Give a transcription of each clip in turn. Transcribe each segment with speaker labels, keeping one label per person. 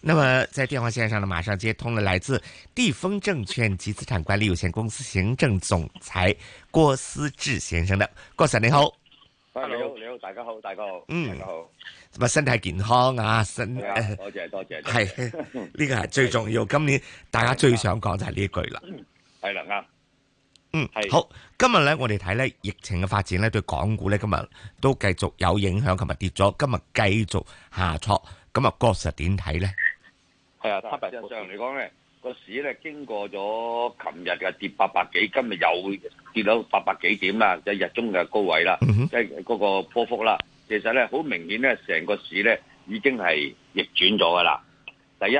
Speaker 1: 那麼在電話線上呢，馬上接通了來自地豐證券及資產管理有限公司行政總裁郭思志先生啦，郭 s i 你好，你好，大家好，好，大家好，嗯，大家好，咁啊身體健康啊，身體、
Speaker 2: 啊，多謝多
Speaker 1: 謝，係呢，這個係最重要， 今年大家最想講就係呢句啦，
Speaker 2: 係啦啱，
Speaker 1: 嗯，好，今日呢，我哋睇呢疫情嘅發展呢，對港股呢，今日都繼續有影響，琴日跌咗，今日繼續下挫，咁啊郭 s i 點睇呢？
Speaker 2: 係啊，事實上嚟講咧，個市咧經過咗琴日嘅跌八百幾，今日又跌到八百幾點啦，即係日中嘅高位啦，即係嗰個波幅啦。其實咧，好明顯咧，成個市咧已經係逆轉咗噶啦。第一，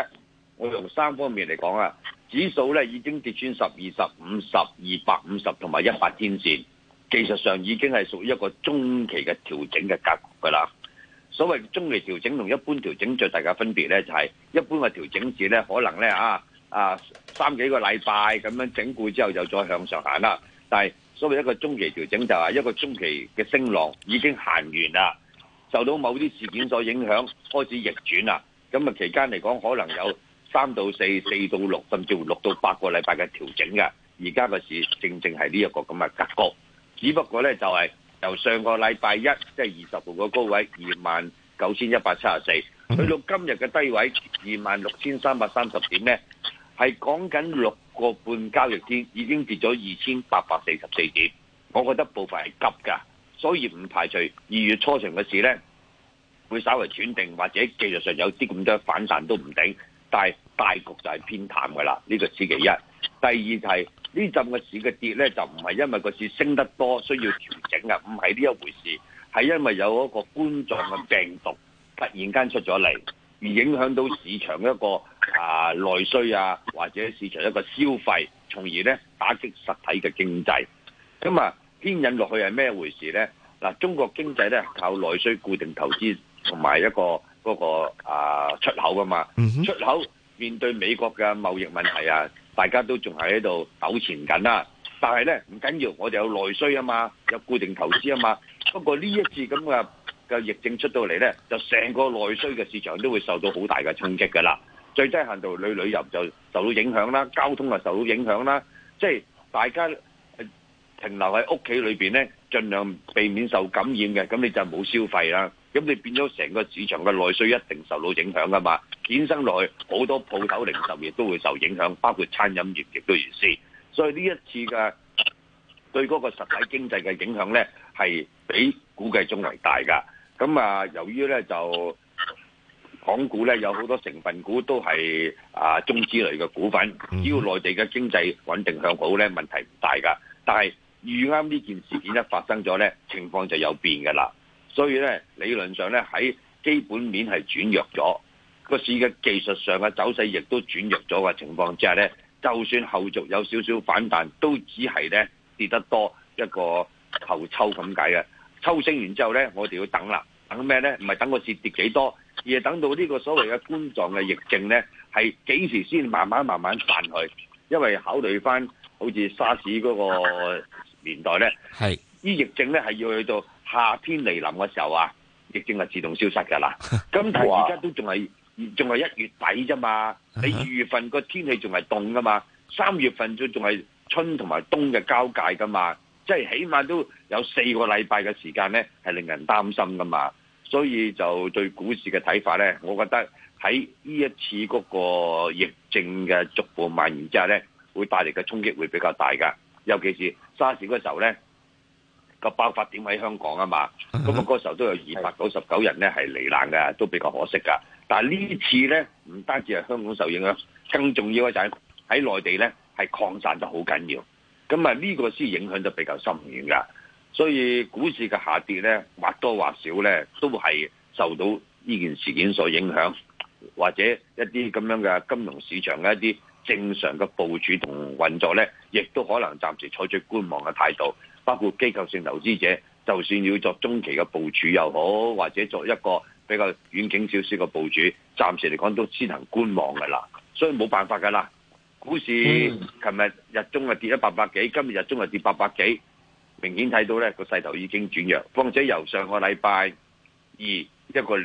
Speaker 2: 我用三方面嚟講啊，指數咧已經跌穿十、二十、五十、二百五十同埋一百天線，技術上已經係屬於一個中期嘅調整嘅格局噶啦。所謂中期調整同一般調整最大嘅分別咧，就係一般嘅調整市咧，可能咧啊啊三幾個禮拜咁樣整固之後，就再向上行啦。但係所謂一個中期調整，就係一個中期嘅升浪已經行完啦，受到某啲事件所影響，開始逆轉啦。咁啊期間嚟講，可能有三到四、四到六，甚至乎六到八個禮拜嘅調整嘅。而家個市正正係呢一個咁嘅格局，只不過咧就係、是。由上個禮拜一即係二十號個高位二萬九千一百七十四，去到今日嘅低位二萬六千三百三十點，呢係講緊六個半交易天已經跌咗二千八百四十四點。我覺得部分係急㗎，所以唔排除二月初上嘅事呢會稍微轉定，或者技術上有啲咁多反彈都唔定，但係大局就係偏淡㗎啦。呢、個係其一。第二就係、是。這陣的的呢陣嘅市嘅跌咧，就唔係因為個市升得多需要調整啊，唔係呢一回事，係因為有一個冠狀嘅病毒突然間出咗嚟，而影響到市場一個啊內需啊，或者市場一個消費，從而咧打擊實體嘅經濟。咁啊牽引落去係咩回事咧？嗱、啊，中國經濟咧靠內需、固定投資同埋一個嗰、那個啊出口啊嘛，出口、嗯、出口面對美國嘅貿易問題啊。大家都仲喺度抖錢緊啦，但係呢唔緊要，我哋有內需啊嘛，有固定投資啊嘛。不過呢一次咁嘅嘅疫症出到嚟呢，就成個內需嘅市場都會受到好大嘅衝擊㗎啦。最低限度旅旅遊就受到影響啦，交通啊受到影響啦，即係大家停留喺屋企裏邊呢，儘量避免受感染嘅，咁你就冇消費啦。咁你變咗成個市場嘅內需一定受到影響㗎嘛，衍生嚟好多鋪頭零售業都會受影響，包括餐飲業亦都如此。所以呢一次嘅對嗰個實體經濟嘅影響咧，係比估計中為大㗎。咁啊，由於咧就港股咧有好多成分股都係啊中資類嘅股份，只要內地嘅經濟穩定向好咧，問題唔大㗎。但係遇啱呢件事件一發生咗咧，情況就有變㗎啦。所以咧，理論上咧喺基本面係轉弱咗，個市嘅技術上嘅走勢亦都轉弱咗嘅情況之下咧，就算後續有少少反彈，都只係咧跌得多一個頭抽咁解嘅。抽升完之後咧，我哋要等啦，等咩咧？唔係等個市跌幾多，而係等到呢個所謂嘅冠狀嘅疫症咧，係幾時先慢慢慢慢散去。因為考慮翻好似沙士嗰個年代咧，係呢疫症咧係要去到，夏天嚟臨嘅時候啊，疫症係自動消失噶啦。咁但係而家都仲係仲係一月底啫嘛，你二月份個天氣仲係凍噶嘛，三月份就仲係春同埋冬嘅交界噶嘛，即係起碼都有四個禮拜嘅時間咧，係令人擔心噶嘛。所以就對股市嘅睇法咧，我覺得喺呢一次嗰個疫症嘅逐步蔓延之下咧，會帶嚟嘅衝擊會比較大噶，尤其是 沙士嗰時候咧。個爆發點喺香港啊嘛，咁啊嗰時候都有二百九十九人咧係罹難嘅，都比較可惜噶。但係呢次咧，唔單止係香港受影響，更重要嘅就係喺內地咧係擴散就好緊要。咁啊呢個先影響得比較深遠噶。所以股市嘅下跌咧，或多或少咧都係受到呢件事件所影響，或者一啲咁樣嘅金融市場嘅一啲正常嘅部署同運作咧，亦都可能暫時採取觀望嘅態度。包括機構性投資者，就算要作中期嘅部署又好，或者作一個比較遠景少少嘅部署，暫時嚟講都先行觀望㗎啦。所以冇辦法㗎啦。股市琴日、嗯、日中啊跌咗八百幾，今日日中啊跌八百幾，明顯睇到咧個勢頭已經轉弱。況且由上個禮拜二一個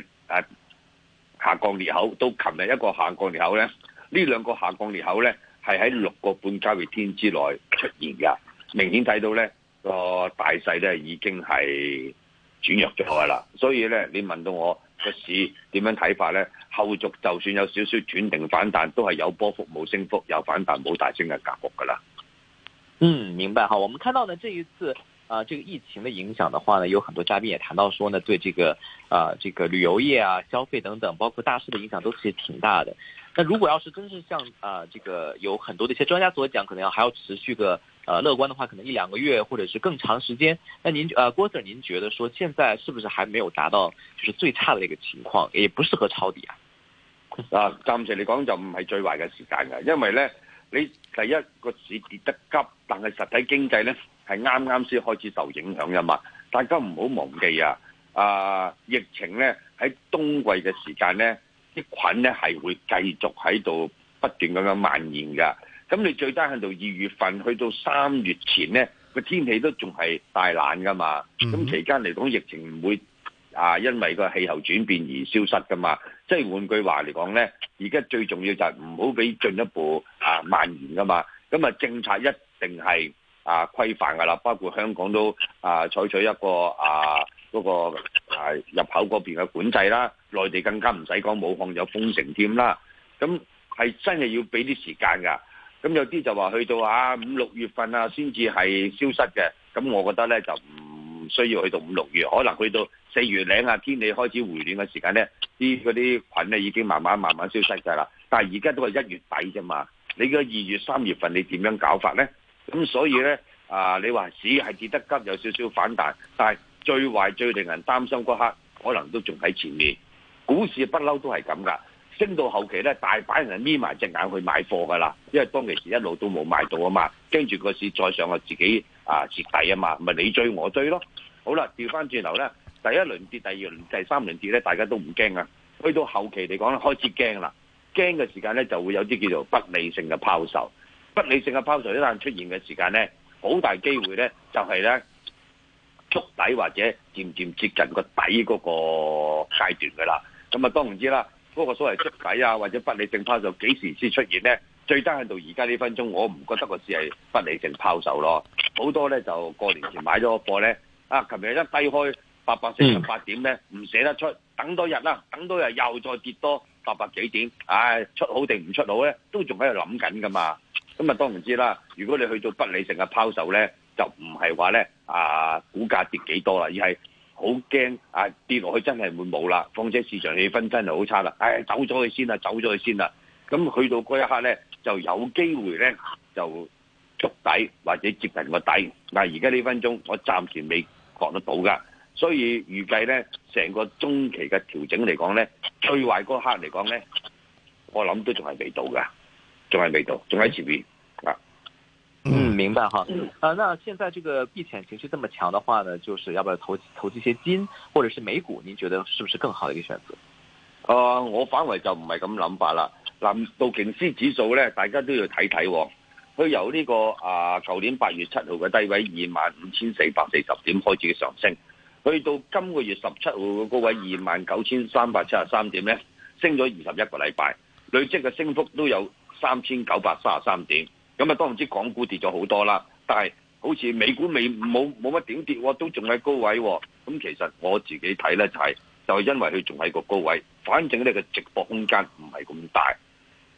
Speaker 2: 下降裂口，到琴日一個下降裂口咧，呢兩個下降裂口咧係喺六個半交易天之內出現㗎，明顯睇到咧。個大勢呢已經係轉弱咗噶啦，所以呢，你問到我個市點樣睇法呢？後續就算有少少轉定反彈，都係有波幅冇升幅，有反彈冇大升嘅格局噶啦。
Speaker 3: 嗯，明白。好，我們看到呢這一次啊、呃，這個疫情的影響的話呢，有很多嘉賓也談到說呢，對這個啊、呃，這個旅遊業啊、消費等等，包括大市的影響都其實挺大的。那如果要是真是像啊、呃，這個有很多的一些專家所講，可能要還要持續個。呃，樂觀的話可能一兩個月，或者是更長時間。那您，呃，郭 Sir，您覺得說現在是不是
Speaker 2: 還沒有達到就是最差的一個情況，也不
Speaker 3: 適合抄底啊？
Speaker 2: 啊，暫時嚟講就唔係最壞嘅時間嘅，因為呢你第一個市跌得急，但係實體經濟呢係啱啱先開始受影響噶嘛。大家唔好忘記啊，啊，疫情呢喺冬季嘅時間呢啲菌呢係會繼續喺度不斷咁樣蔓延噶。咁你最低限度二月份去到三月前呢個天氣都仲係大冷噶嘛。咁期間嚟講，疫情唔會啊，因為個氣候轉變而消失噶嘛。即係換句話嚟講呢，而家最重要就係唔好俾進一步啊蔓延噶嘛。咁啊，政策一定係啊規範噶啦，包括香港都啊採取一個啊嗰個啊入口嗰邊嘅管制啦，內地更加唔使講，武漢有封城添啦。咁係真係要俾啲時間㗎。咁有啲就話去到啊五六月份啊，先至係消失嘅。咁我覺得呢，就唔需要去到五六月，可能去到四月零啊天氣開始回暖嘅時間呢，啲嗰啲菌呢已經慢慢慢慢消失晒啦。但係而家都係一月底啫嘛，你個二月三月份你點樣搞法呢？咁所以呢，啊，你話市係跌得急有少少反彈，但係最壞最令人擔心嗰刻，可能都仲喺前面。股市不嬲都係咁噶。升到後期咧，大把人係咪埋隻眼去買貨噶啦，因為當其時一路都冇買到啊嘛，跟住個市再上去自己啊蝕底啊嘛，咪你追我追咯。好啦，調翻轉頭咧，第一輪跌，第二輪、第三輪跌咧，大家都唔驚啊。去到後期嚟講咧，開始驚啦，驚嘅時間咧就會有啲叫做不理性嘅拋售，不理性嘅拋售一旦出現嘅時間咧，好大機會咧就係咧觸底或者漸漸接近個底嗰個階段噶啦。咁啊，當然知啦。嗰、那個所謂出底啊，或者不理性拋售幾時先出現呢？最低限度而家呢分鐘，我唔覺得個市係不理性拋售咯。好多呢，就過年前買咗個貨呢，啊，琴日一低開八百四十八點呢，唔捨得出，等多日啦，等多日又再跌多八百幾點，唉、啊，出好定唔出好呢，都仲喺度諗緊㗎嘛。咁啊，當然知啦。如果你去做不理性嘅拋售呢，就唔係話呢，啊，股價跌幾多啦，而係。好驚啊！跌落去真係會冇啦，況且市場氣氛真係好差啦，唉、哎，先走咗去先啦，先走咗去先啦。咁去到嗰一刻咧，就有機會咧就觸底或者接近個底。但而家呢分鐘，我暫時未覺得到噶，所以預計咧，成個中期嘅調整嚟講咧，最壞嗰一刻嚟講咧，我諗都仲係未到噶，仲係未到，仲喺前面。嗯，明白哈。
Speaker 3: 啊，那現在這個避險情，情緒這麼強的話呢，就是要不要投投資些金，或者是美股？你覺得是不是更好的一個選擇？
Speaker 2: 呃、我反為就唔係咁諗法啦。嗱，道瓊斯指數呢，大家都要睇睇、哦，佢由呢、呢個啊，舊、呃、年八月七號嘅低位二萬五千四百四十點開始嘅上升，去到今個月十七號嘅高位二萬九千三百七十三點呢，升咗二十一個禮拜，累積嘅升幅都有三千九百三十三點。咁啊，當然知港股跌咗好多啦，但係好似美股未冇冇乜點跌，都仲喺高位。咁其實我自己睇咧就係，就係因為佢仲喺個高位，反正呢個直播空間唔係咁大。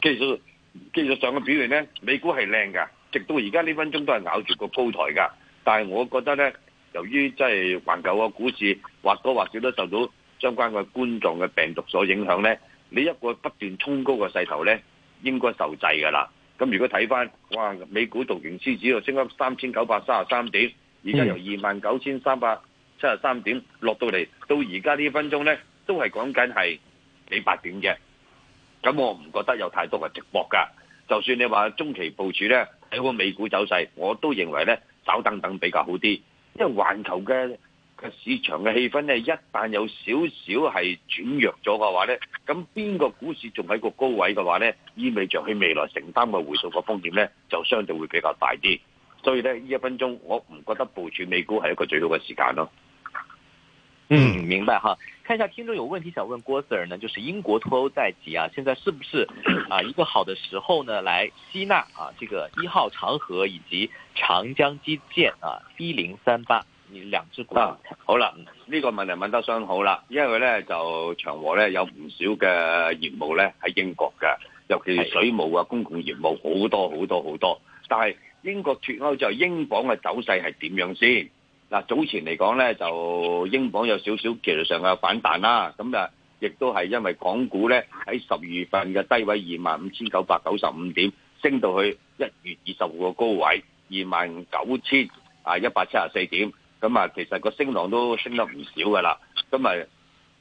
Speaker 2: 其實技術上嘅表現呢，美股係靚噶，直到而家呢分鐘都係咬住個高台噶。但係我覺得呢，由於即係環球嘅股市或多或少都受到相關嘅冠狀嘅病毒所影響呢，你一個不斷衝高嘅勢頭呢，應該受制噶啦。咁如果睇翻，哇，美股道瓊斯指數升咗三千九百三十三點，
Speaker 3: 而家由二
Speaker 2: 萬九千三百七十三點落到嚟，到而家呢分鐘咧，都係講緊係幾百點嘅。咁我唔覺得有太多嘅直播噶。就算你話中期部署咧，睇個美股走勢，我都認為咧，稍等等比較好啲，因為環球嘅市場嘅氣氛咧，一旦有少少係轉弱咗嘅話呢，咁邊個股市仲喺個高位嘅話呢，意味著佢未來承擔嘅匯率個風險呢，就相對會比較大啲。所以呢，呢一分鐘我唔覺得部署美股係一個最好嘅時間咯。嗯，明白哈。
Speaker 3: 看一下聽眾有問題想問郭 Sir 呢，就是英國脫歐在即啊，現在是不是啊一個好的時候呢，來吸納啊這個一號長河以及長江基建啊，一零三八。啊、
Speaker 2: 好啦，呢、呢個問題問得相好啦，因為佢咧就長和咧有唔少嘅業務咧喺英國嘅，尤其是水務啊、公共業務好多好多好多。但係英國脫歐就英鎊嘅走勢係點樣先？嗱、啊，早前嚟講咧就英鎊有少少技術上嘅反彈啦，咁啊亦都係因為港股咧喺十二月份嘅低位二萬五千九百九十五點，升到去一月二十個高位二萬九千啊一百七十四點。咁啊，其實個升浪都升得唔少噶啦，咁啊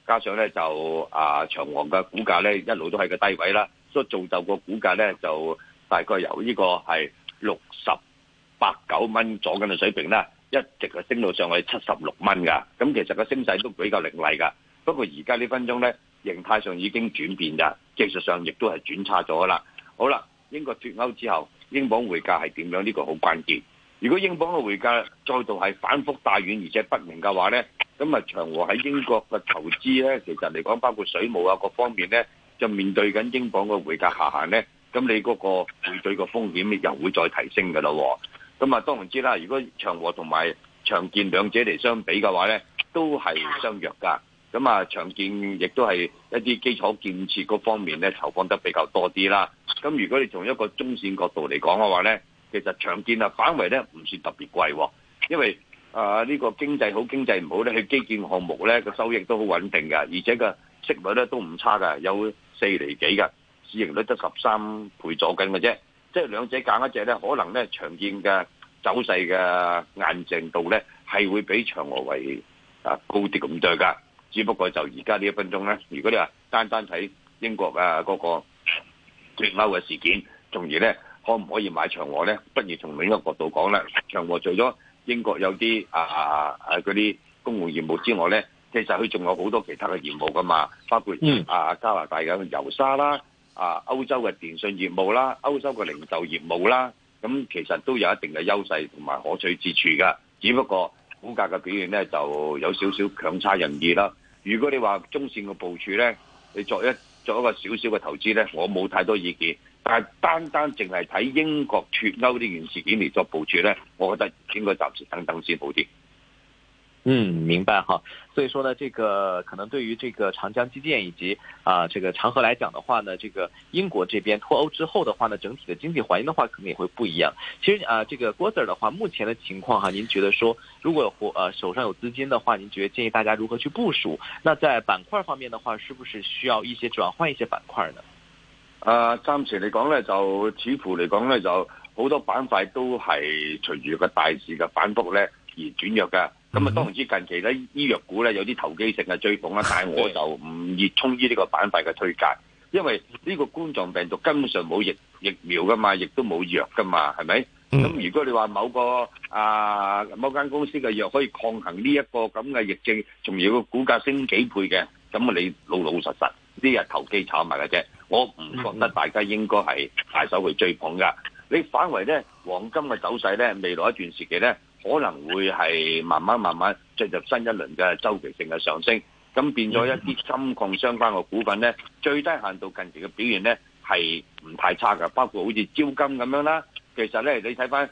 Speaker 2: 加上咧就啊長王嘅股價咧一路都喺個低位啦，所以造就個股價咧就大概由呢個係六十八九蚊左近嘅水平啦，一直係升到上去七十六蚊噶，咁其實個升勢都比較凌厲噶。不過而家呢分鐘咧形態上已經轉變㗎，技術上亦都係轉差咗啦。好啦，英國脫歐之後英鎊匯價係點樣？呢、呢個好關鍵。如果英鎊嘅匯價再度係反覆大遠，而且不明嘅話呢，咁啊長和喺英國嘅投資呢，其實嚟講包括水務啊各方面呢，就面對緊英鎊嘅匯價下行呢，咁你嗰個匯兌嘅風險又會再提升嘅咯、哦。咁啊，當然知啦，如果長和同埋長建兩者嚟相比嘅話呢，都係相弱噶。咁啊，長建亦都係一啲基礎建設嗰方面呢，投放得比較多啲啦。咁如果你從一個中線角度嚟講嘅話呢。其實長建啊，反而咧唔算特別貴，因為啊呢個經濟好，經濟唔好咧，佢基建項目咧個收益都好穩定噶，而且個息率咧都唔差噶，有四厘幾噶，市盈率得十三倍左近嘅啫。即係兩者揀一隻咧，可能咧長建嘅走勢嘅硬淨度咧係會比長和為啊高啲咁多噶。只不過就而家呢一分鐘咧，如果你話單單睇英國啊嗰個脱歐嘅事件，從而咧。可唔可以買長和呢？不如從另一個角度講呢，長和除咗英國有啲啊啊啊啲公用業務之外呢，其實佢仲有好多其他嘅業務噶嘛，包括啊加拿大嘅油沙啦，啊歐洲嘅電信業務啦，歐洲嘅零售業務啦，咁其實都有一定嘅優勢同埋可取之處噶，只不過股價嘅表現呢就有少少強差人意啦。如果你話中線嘅部署呢，你作一做一個小小嘅投資呢，我冇太多意見，但係單單淨係睇英國脫歐呢件事件嚟作部署呢，我覺得應該暫時等等先好啲。嗯，明白哈。所以說呢，這個
Speaker 3: 可能對於這個長江基建以及啊，這個長河來講的話呢，這個英國這邊脫歐之後的話呢，整體的經濟環境的話，可能也會不一樣。其實啊，這個郭 Sir 的話，目前的情況哈，您覺得說，如果或呃、啊、手上有資金的話，您覺得建議大家如何去部署？那在板塊方面的話，是不是需要一些轉換一些板塊呢？
Speaker 2: 啊，暫時嚟講呢，就似乎嚟講呢，就好多板塊都係隨住個大市嘅反復呢而轉弱嘅。咁、嗯、啊，當然之近期咧，醫藥股咧有啲投機性嘅追捧啦，但係我就唔熱衷於呢個板塊嘅推介，因為呢個冠狀病毒根本上冇疫疫苗噶嘛，亦都冇藥噶嘛，係咪？咁如果你話某個啊某間公司嘅藥可以抗衡呢一個咁嘅疫症，仲要個股價升幾倍嘅，咁啊你老老實實呢日投機炒埋嘅啫，我唔覺得大家應該係大手去追捧噶。你反為咧黃金嘅走勢咧，未來一段時期咧。可能會係慢慢慢慢進入新一輪嘅周期性嘅上升，咁變咗一啲金礦相關嘅股份咧，最低限度近期嘅表現咧係唔太差㗎，包括好似招金咁樣啦。其實咧，你睇翻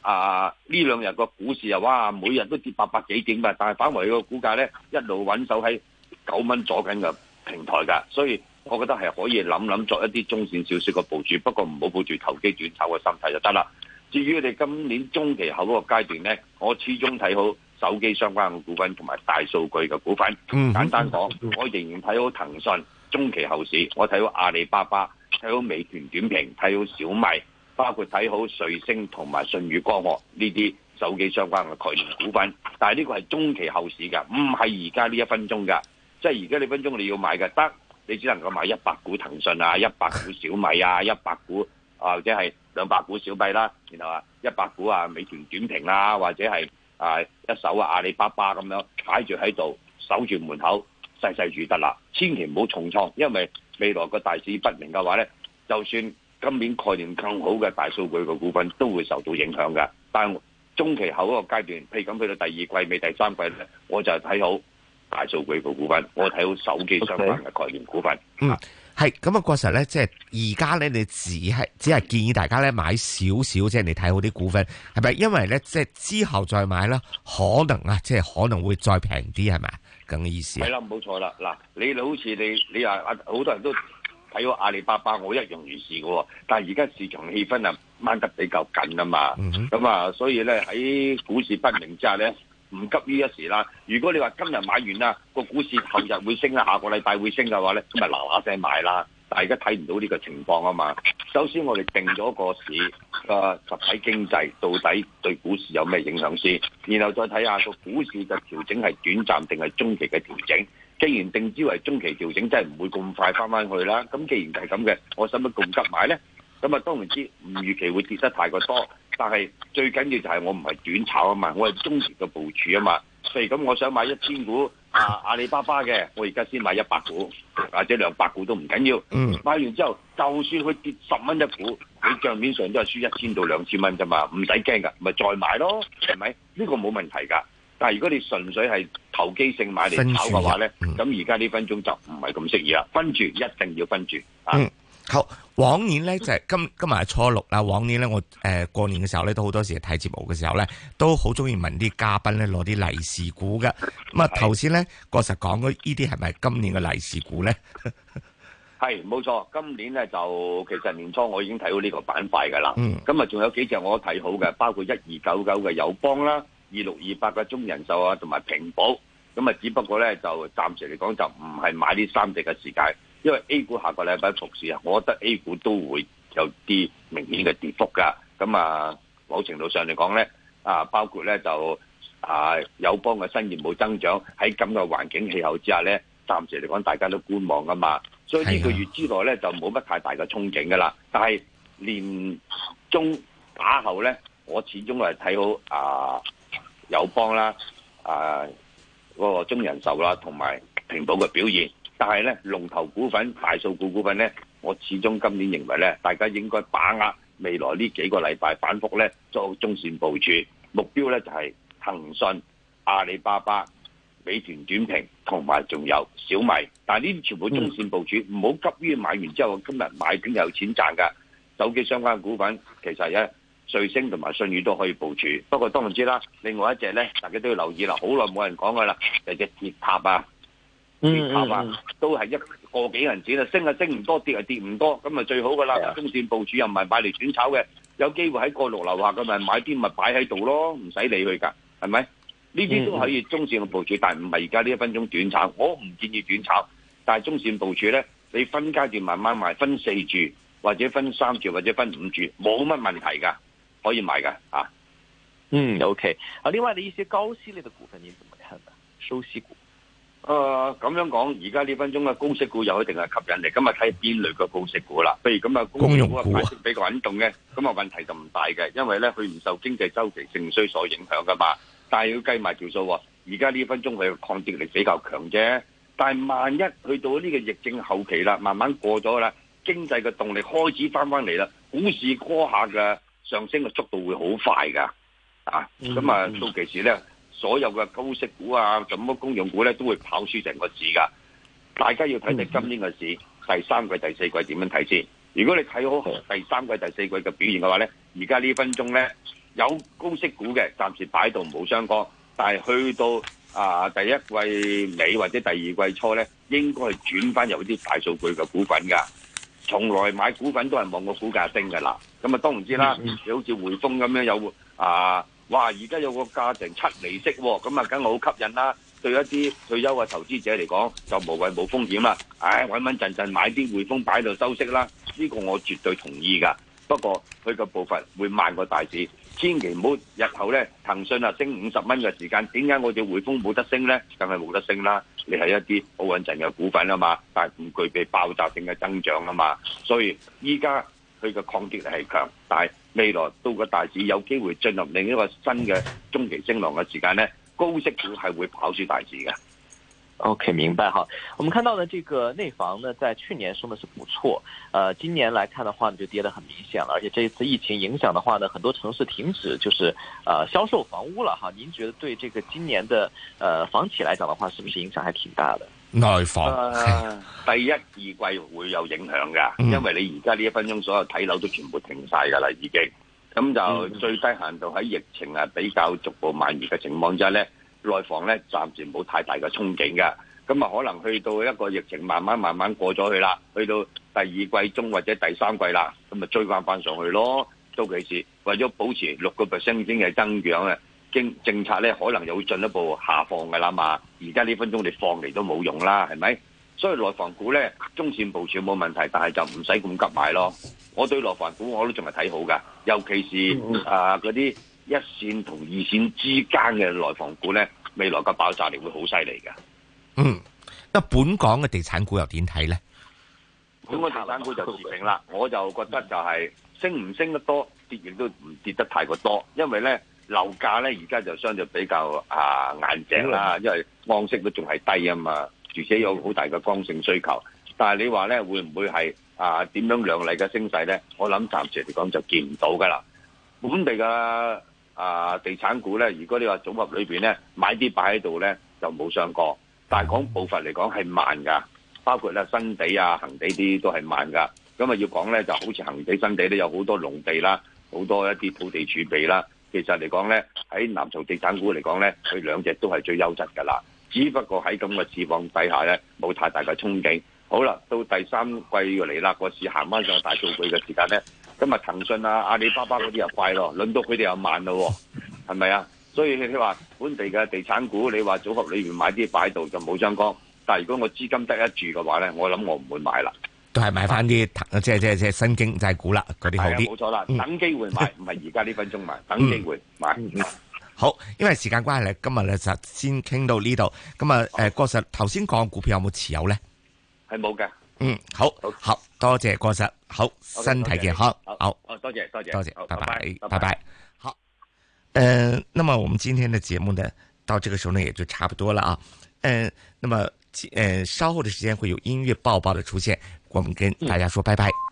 Speaker 2: 啊呢兩日個股市啊，哇，每日都跌八百幾點嘛，但係反為個股價咧一路穩守喺九蚊左近嘅平台㗎，所以我覺得係可以諗諗作一啲中線小小嘅部署，不過唔好抱住投機轉炒嘅心態就得啦。至於你今年中期後嗰個階段呢，我始終睇好手機相關嘅股份同埋大數據嘅股份。簡單講，我仍然睇好騰訊中期後市，我睇好阿里巴巴，睇好美團點評，睇好小米，包括睇好瑞星同埋舜宇光學呢啲手機相關嘅概念股份。但係呢個係中期後市㗎，唔係而家呢一分鐘㗎。即係而家呢分鐘，你要買嘅，得你只能夠買一百股騰訊啊，一百股小米啊，一百股。啊，或者係兩百股小幣啦，然後啊，一百股啊，美團點評啦，或者係啊，一手啊，阿里巴巴咁樣踩住喺度，守住門口，細細住得啦，千祈唔好重創，因為未來個大市不明嘅話咧，就算今年概念更好嘅大數據嘅股份都會受到影響㗎。但中期後一個階段，譬如咁去到第二季尾、第三季咧，我就睇好大數據嘅股份，我睇好手機相關嘅概念股份。嗯。
Speaker 1: 係咁啊，確實咧，即係而家咧，你只係只係建議大家咧買少少，即係你睇好啲股份，係咪？因為咧，即係之後再買啦，可能啊，即係可能會再平啲，係咪咁嘅意思啊？係
Speaker 2: 啦，冇錯啦。嗱，你好似你你話啊，好多人都睇過阿里巴巴，我一樣如是嘅喎。但係而家市場氣氛啊，掹得比較緊啊嘛。咁、嗯、啊，所以咧喺股市不明之下咧。唔急於一時啦。如果你話今日買完啦，個股市後日會升啦，下個禮拜會升嘅話呢，咁咪嗱嗱聲買啦。但係而家睇唔到呢個情況啊嘛。首先我哋定咗個市嘅、啊、實體經濟到底對股市有咩影響先，然後再睇下個股市嘅調整係短暫定係中期嘅調整。既然定之為中期調整，真係唔會咁快翻翻去啦。咁既然係咁嘅，我使乜咁急買呢？咁啊，當然知唔預期會跌得太過多。但係最緊要就係我唔係短炒啊嘛，我係中長期嘅部署啊嘛。譬如咁，我想買一千股阿、啊、阿里巴巴嘅，我而家先買一百股，或者兩百股都唔緊要，嗯。買完之後，就算佢跌十蚊一股，你帳面上都係輸一千到兩千蚊啫嘛，唔使驚噶，咪再買咯，係咪？呢、呢個冇問題噶。但如果你純粹係投機性買嚟炒嘅話咧，咁而家呢分鐘就唔係咁適宜啦。分住一定要分住啊！嗯
Speaker 1: 好往年咧，就係今今日係初六啦，往年咧我誒過年嘅時候咧都好多時睇節目嘅時候咧都好中意問啲嘉賓咧攞啲利是股嘅。咁啊頭先咧，確實講嗰呢啲係咪今年嘅利是股咧？
Speaker 2: 係冇錯，今年咧、呃、 就其實年初我已經睇到呢個板塊噶啦，咁啊仲有幾隻我都睇好嘅，包括一二九九嘅友邦啦，二六二八嘅中人壽啊，同埋平保，咁啊只不過咧就暫時嚟講就唔係買呢三隻嘅時間。因為 A 股下個禮拜復市，啊，我覺得 A 股都會有啲明顯嘅跌幅噶。咁啊，某程度上嚟講咧，啊，包括咧就啊友邦嘅新業務增長喺咁嘅環境氣候之下咧，暫時嚟講大家都觀望噶嘛。所以呢個月之內咧就冇乜太大嘅憧憬噶啦。但係年中打後咧，我始終係睇好啊友邦啦，啊嗰、那個中人壽啦，同埋平保嘅表現。但係咧，龍頭股份、大數股股份咧，我始終今年認為咧，大家應該把握未來呢幾個禮拜反覆咧做中線部署，目標咧就係騰訊、阿里巴巴、美團點評同埋仲有小米。但係呢啲全部中線部署，唔好急於買完之後今日買，今日有錢賺噶。手機相關股份其實咧，瑞聲同埋信宇都可以部署。不過當然知啦，另外一隻咧，大家都要留意啦，好耐冇人講噶啦，就只、是、鐵塔啊。跌冚啊，都係一個幾銀錢啊，升啊升唔多，跌啊跌唔多，咁咪最好噶啦。中線部署又唔係買嚟短炒嘅，有機會喺個六樓下噶咪買啲咪擺喺度咯，唔使理佢噶，係咪？呢啲都可以中線部署，但係唔係而家呢一分鐘短炒，我唔建議短炒。但係中線部署咧，你分階段慢慢買，分四注或者分三注或者分五注，冇乜問題噶，可以買噶啊。嗯
Speaker 3: ，OK。啊，另外你一些高息類的股份你怎麼看呢？收息股。
Speaker 2: 啊、呃，咁樣講，而家呢分鐘嘅高息股又一定係吸引力，咁啊睇邊類嘅高息股啦。譬如咁啊，公用股，公股較啊，比佢穩動嘅，咁啊問題就唔大嘅，因為咧佢唔受經濟周期盛衰所影響噶嘛。但係要計埋條數，而家呢分鐘佢嘅抗跌力比較強啫。但係萬一去到呢個疫症後期啦，慢慢過咗啦，經濟嘅動力開始翻翻嚟啦，股市高下嘅上升嘅速度會好快噶。啊，咁、嗯、啊，到其時咧。所有嘅高息股啊，咁嘅公用股咧，都會跑輸成個市噶。大家要睇睇今年嘅市第三季第四季點樣睇先。如果你睇好第三季第四季嘅表現嘅話咧，而家呢分鐘咧有高息股嘅，暫時擺到冇相干。但係去到啊第一季尾或者第二季初咧，應該係轉翻有啲大數據嘅股份噶。從來買股份都係望個股價升噶啦。咁啊，當然知啦，好似匯豐咁樣有啊。哇！而家有個價值七厘息喎、哦，咁啊梗係好吸引啦、啊。對一啲退休嘅投資者嚟講，就無謂冇風險啦。唉、哎，穩穩陣陣買啲匯豐擺度收息啦。呢、這個我絕對同意噶。不過佢嘅步伐會慢過大市，千祈唔好日後咧騰訊啊升五十蚊嘅時間，點解我哋匯豐冇得升咧？梗係冇得升啦。你係一啲好穩陣嘅股份啊嘛，但係唔具備爆炸性嘅增長啊嘛。所以依家佢嘅抗跌力係強，但未來到個大市有機會進入另一個新嘅中期升浪嘅時間呢高息股係會跑輸大市嘅。OK，明白哈。
Speaker 3: 我們看到呢，這個內房呢，在去年升的是不錯，呃，今年來看的話呢，就跌得很明顯了。而且這一次疫情影響的話呢，很多城市停止就是呃銷售房屋了哈。您覺得對這個今年的呃房企來講的話，是不是影響還挺大的？的
Speaker 1: 內房、uh，
Speaker 2: 第一二季會有影響噶， 因為你而家呢一分鐘所有睇樓都全部停晒噶啦，已經咁就最低限度喺疫情啊比較逐步蔓延嘅情況之下咧，內房咧暫時冇太大嘅憧憬噶，咁啊可能去到一個疫情慢慢慢慢過咗去啦，去到第二季中或者第三季啦，咁咪追翻翻上去咯，都其時為咗保持六個 percent 嘅增長政政策咧，可能又會進一步下放㗎啦嘛。而家呢分鐘你放嚟都冇用啦，係咪？所以內房股咧，中綫部署冇問題，但係就唔使咁急買咯。我對內房股我都仲係睇好噶，尤其是啊嗰啲一綫同二綫之間嘅內房股咧，未來嘅爆炸力會好犀利噶。嗯，
Speaker 1: 咁本港嘅地產股又點睇咧？
Speaker 2: 本港地產股就持平啦，我就覺得就係升唔升得多，跌亦都唔跌得太過多，因為咧。樓價咧，而家就相對比較啊硬淨啦、啊，因為剛性都仲係低啊嘛，而且有好大嘅剛性需求。但係你話咧，會唔會係啊點樣量力嘅升勢咧？我諗暫時嚟講就見唔到㗎啦。本地嘅啊地產股咧，如果你話組合裏面咧買啲擺喺度咧，就冇上過。但係講步伐嚟講係慢㗎，包括咧新地啊、恆地啲都係慢㗎。咁啊要講咧，就好似恆地、新地咧，有好多農地啦、啊，好多一啲土地儲備啦、啊。其實嚟講咧，喺南造地產股嚟講咧，佢兩隻都係最優質噶啦。只不過喺咁嘅市況底下咧，冇太大嘅憧憬。好啦，到第三季嚟啦，個市行翻上大數據嘅時間咧，咁啊，騰訊啊、阿里巴巴嗰啲又快咯，輪到佢哋又慢咯，係咪啊？所以你話本地嘅地產股，你話組合裏面買啲擺度就冇相干。但係如果我資金得一注嘅話咧，我諗我唔會買啦。
Speaker 1: 都係買翻啲即係即係即係新經濟股啦，嗰啲好啲。冇、哎、錯啦，
Speaker 2: 等機會買，唔係而家呢分鐘買、嗯，等機會買、
Speaker 1: 嗯。好，因為時間關係咧，今日咧就先傾到呢度。咁啊，誒、哦，郭生頭先講股票有冇持有咧？係冇嘅。嗯，好，好，多謝郭生。好，身體健康。好，好，哦，多謝，多謝，多謝，拜拜，拜拜，好。誒、呃，那麼我們今天的節目呢，到這個時候呢，也就差不多了啊。嗯、呃，那麼，嗯、呃，稍後的時間會有音樂報報的出現。我們跟大家說拜拜。嗯嗯